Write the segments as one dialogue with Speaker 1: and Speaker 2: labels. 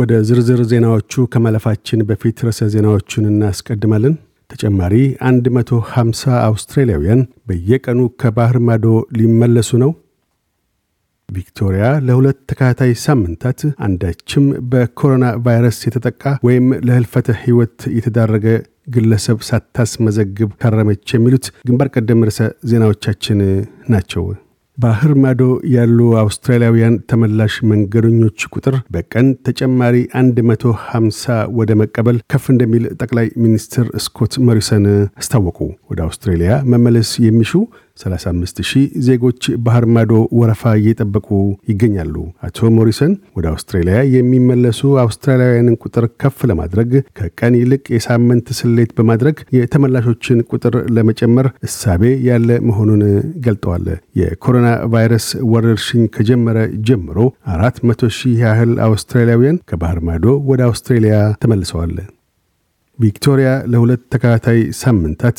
Speaker 1: ወደ ዝርዝር ዜናዎቹ ከማለፋችን በፊት ርዕሰ ዜናዎቹን እናስቀድማለን። ተጨማሪ 150 አውስትራሊያውያን በየቀኑ ከባህር ማዶ ሊመለሱ ነው። ቪክቶሪያ ለሁለት ተከታታይ ሳምንታት አንዳችም በኮሮና ቫይረስ የተጠቃ ወይም ለህልፈተ ሕይወት የተዳረገ ግለሰብ ሳታስመዘግብ ካረመች። የሚሉት ግንባር ቀደም ርዕሰ ዜናዎቻችን ናቸው። ባህር ማዶ ያሉ አውስትራሊያውያን ተመላሽ መንገደኞች ቁጥር በቀን ተጨማሪ 150 ወደ መቀበል ከፍ እንደሚል ጠቅላይ ሚኒስትር ስኮት መሪሰን አስታወቁ። ወደ አውስትራሊያ መመለስ የሚሹ 35 ሺህ ዜጎች ባህር ማዶ ወረፋ እየጠበቁ ይገኛሉ። አቶ ሞሪሰን ወደ አውስትራሊያ የሚመለሱ አውስትራሊያውያንን ቁጥር ከፍ ለማድረግ ከቀን ይልቅ የሳምንት ስሌት በማድረግ የተመላሾችን ቁጥር ለመጨመር እሳቤ ያለ መሆኑን ገልጠዋል። የኮሮና ቫይረስ ወረርሽኝ ከጀመረ ጀምሮ 400 ሺህ ያህል አውስትራሊያውያን ከባህር ማዶ ወደ አውስትራሊያ ተመልሰዋል። ቪክቶሪያ ለሁለት ተከታታይ ሳምንታት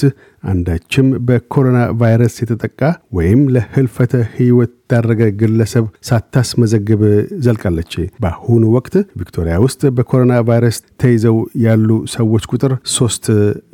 Speaker 1: አንዳችም በኮሮና ቫይረስ የተጠቃ ወይም ለህልፈተ ህይወት የተዳረገ ግለሰብ ሳታስመዘግብ ዘልቃለች። በአሁኑ ወቅት ቪክቶሪያ ውስጥ በኮሮና ቫይረስ ተይዘው ያሉ ሰዎች ቁጥር ሶስት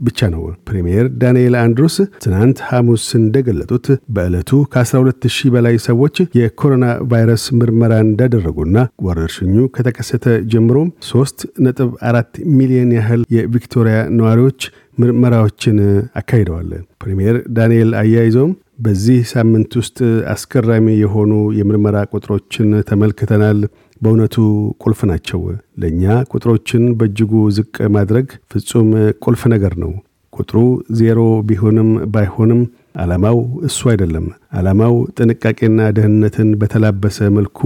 Speaker 1: ብቻ ነው። ፕሪምየር ዳንኤል አንድሩስ ትናንት ሐሙስ እንደገለጡት በዕለቱ ከ12000 በላይ ሰዎች የኮሮና ቫይረስ ምርመራ እንዳደረጉና ወረርሽኙ ከተከሰተ ጀምሮም ሶስት ነጥብ አራት ሚሊዮን ያህል የቪክቶሪያ ነዋሪዎች ምርመራዎችን አካሂደዋል። ፕሪምየር ዳንኤል አያይዘውም በዚህ ሳምንት ውስጥ አስገራሚ የሆኑ የምርመራ ቁጥሮችን ተመልክተናል። በእውነቱ ቁልፍ ናቸው። ለእኛ ቁጥሮችን በእጅጉ ዝቅ ማድረግ ፍጹም ቁልፍ ነገር ነው። ቁጥሩ ዜሮ ቢሆንም ባይሆንም ዓላማው እሱ አይደለም። ዓላማው ጥንቃቄና ደህንነትን በተላበሰ መልኩ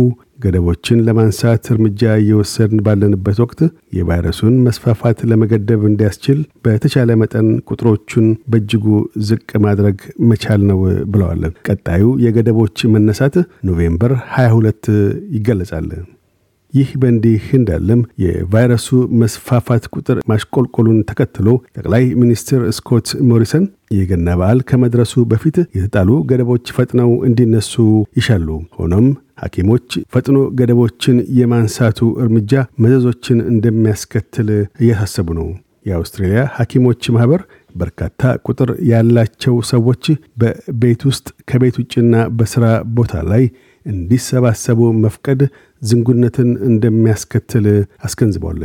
Speaker 1: ገደቦችን ለማንሳት እርምጃ እየወሰድን ባለንበት ወቅት የቫይረሱን መስፋፋት ለመገደብ እንዲያስችል በተቻለ መጠን ቁጥሮቹን በእጅጉ ዝቅ ማድረግ መቻል ነው ብለዋል። ቀጣዩ የገደቦች መነሳት ኖቬምበር 22 ይገለጻል። ይህ በእንዲህ እንዳለም የቫይረሱ መስፋፋት ቁጥር ማሽቆልቆሉን ተከትሎ ጠቅላይ ሚኒስትር ስኮት ሞሪሰን የገና በዓል ከመድረሱ በፊት የተጣሉ ገደቦች ፈጥነው እንዲነሱ ይሻሉ። ሆኖም ሐኪሞች ፈጥኖ ገደቦችን የማንሳቱ እርምጃ መዘዞችን እንደሚያስከትል እያሳሰቡ ነው። የአውስትሬልያ ሐኪሞች ማኅበር በርካታ ቁጥር ያላቸው ሰዎች በቤት ውስጥ ከቤት ውጭና በሥራ ቦታ ላይ እንዲሰባሰቡ መፍቀድ ዝንጉነትን እንደሚያስከትል አስገንዝቧል።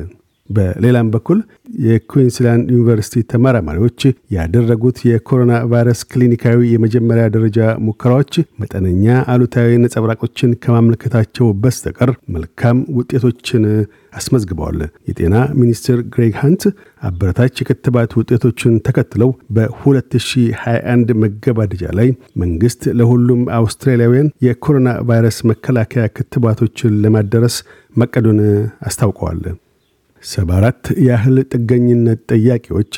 Speaker 1: በሌላም በኩል የኩዊንስላንድ ዩኒቨርሲቲ ተመራማሪዎች ያደረጉት የኮሮና ቫይረስ ክሊኒካዊ የመጀመሪያ ደረጃ ሙከራዎች መጠነኛ አሉታዊ ነጸብራቆችን ከማመልከታቸው በስተቀር መልካም ውጤቶችን አስመዝግበዋል። የጤና ሚኒስትር ግሬግ ሃንት አበረታች የክትባት ውጤቶችን ተከትለው በ2021 መገባደጃ ላይ መንግስት ለሁሉም አውስትራሊያውያን የኮሮና ቫይረስ መከላከያ ክትባቶችን ለማደረስ መቀዱን አስታውቀዋል። 74 ያህል ጥገኝነት ጠያቂዎች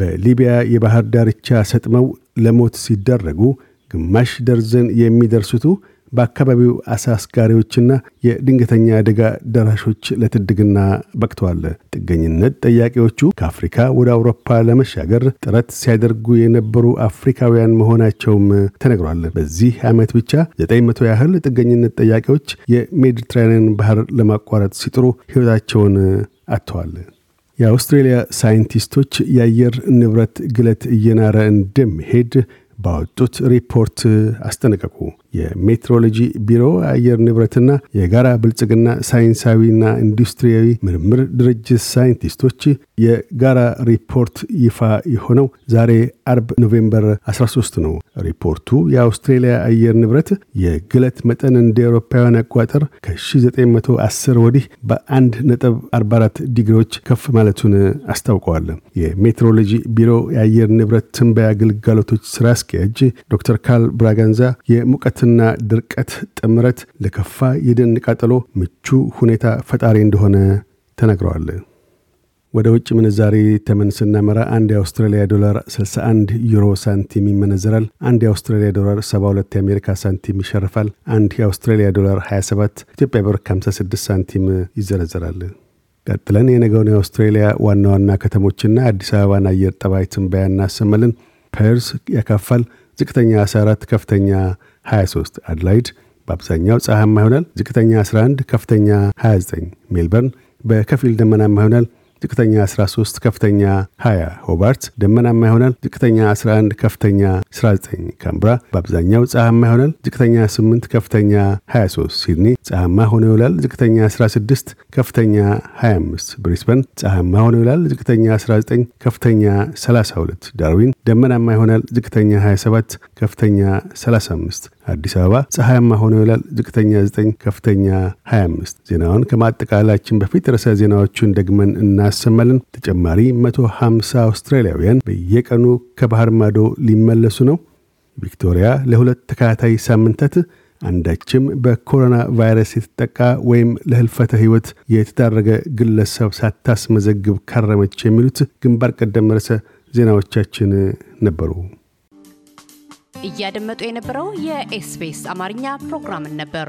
Speaker 1: በሊቢያ የባህር ዳርቻ ሰጥመው ለሞት ሲደረጉ፣ ግማሽ ደርዘን የሚደርሱቱ በአካባቢው አሳ አስጋሪዎችና የድንገተኛ አደጋ ደራሾች ለትድግና በቅተዋል። ጥገኝነት ጠያቂዎቹ ከአፍሪካ ወደ አውሮፓ ለመሻገር ጥረት ሲያደርጉ የነበሩ አፍሪካውያን መሆናቸውም ተነግሯል። በዚህ ዓመት ብቻ 900 ያህል ጥገኝነት ጠያቂዎች የሜዲትራኒያን ባህር ለማቋረጥ ሲጥሩ ሕይወታቸውን አጥተዋል። የአውስትሬልያ ሳይንቲስቶች የአየር ንብረት ግለት እየናረ እንደሚሄድ ባወጡት ሪፖርት አስጠነቀቁ። የሜትሮሎጂ ቢሮ የአየር ንብረትና የጋራ ብልጽግና ሳይንሳዊና ኢንዱስትሪያዊ ምርምር ድርጅት ሳይንቲስቶች የጋራ ሪፖርት ይፋ የሆነው ዛሬ አርብ ኖቬምበር 13 ነው። ሪፖርቱ የአውስትሬልያ አየር ንብረት የግለት መጠን እንደ ኤሮፓውያን አቋጠር ከ1910 ወዲህ በ1 ነጥብ 44 ዲግሪዎች ከፍ ማለቱን አስታውቀዋል። የሜትሮሎጂ ቢሮ የአየር ንብረት ትንበያ ግልጋሎቶች ስራ አስኪያጅ ዶክተር ካል ብራጋንዛ የሙቀትና ድርቀት ጥምረት ለከፋ የደን ቃጠሎ ምቹ ሁኔታ ፈጣሪ እንደሆነ ተናግረዋል። ወደ ውጭ ምንዛሪ ተመን ስናመራ አንድ የአውስትራሊያ ዶላር 61 ዩሮ ሳንቲም ይመነዘራል። አንድ የአውስትራሊያ ዶላር 72 የአሜሪካ ሳንቲም ይሸርፋል። አንድ የአውስትራሊያ ዶላር 27 ኢትዮጵያ ብር 56 ሳንቲም ይዘረዘራል። ቀጥለን የነገውን የአውስትሬልያ ዋና ዋና ከተሞችና አዲስ አበባን አየር ጠባይ ትንበያ እናሰማለን። ፐርስ ያካፋል። ዝቅተኛ 14፣ ከፍተኛ 23። አድላይድ በአብዛኛው ፀሐማ ይሆናል። ዝቅተኛ 11፣ ከፍተኛ 29። ሜልበርን በከፊል ደመናማ ይሆናል። ዝቅተኛ 13፣ ከፍተኛ 20። ሆባርት ደመናማ ይሆናል። ዝቅተኛ 11፣ ከፍተኛ 19። ካምብራ በአብዛኛው ፀሐማ ይሆናል። ዝቅተኛ 8፣ ከፍተኛ 23። ሲድኒ ፀሐማ ሆኖ ይውላል። ዝቅተኛ 16፣ ከፍተኛ 25። ብሪስበን ፀሐማ ሆኖ ይውላል። ዝቅተኛ 19፣ ከፍተኛ 32። ዳርዊን ደመናማ ይሆናል። ዝቅተኛ 27፣ ከፍተኛ 35። አዲስ አበባ ፀሐያማ ሆኖ ይውላል። ዝቅተኛ 9፣ ከፍተኛ 25። ዜናውን ከማጠቃላችን በፊት ርዕሰ ዜናዎቹን ደግመን እና የሚያሰማልን ተጨማሪ 150 አውስትራሊያውያን በየቀኑ ከባህር ማዶ ሊመለሱ ነው። ቪክቶሪያ ለሁለት ተከታታይ ሳምንታት አንዳችም በኮሮና ቫይረስ የተጠቃ ወይም ለህልፈተ ሕይወት የተዳረገ ግለሰብ ሳታስመዘግብ ካረመች የሚሉት ግንባር ቀደም ርዕሰ ዜናዎቻችን ነበሩ። እያደመጡ የነበረው የኤስቢኤስ አማርኛ ፕሮግራምን ነበር።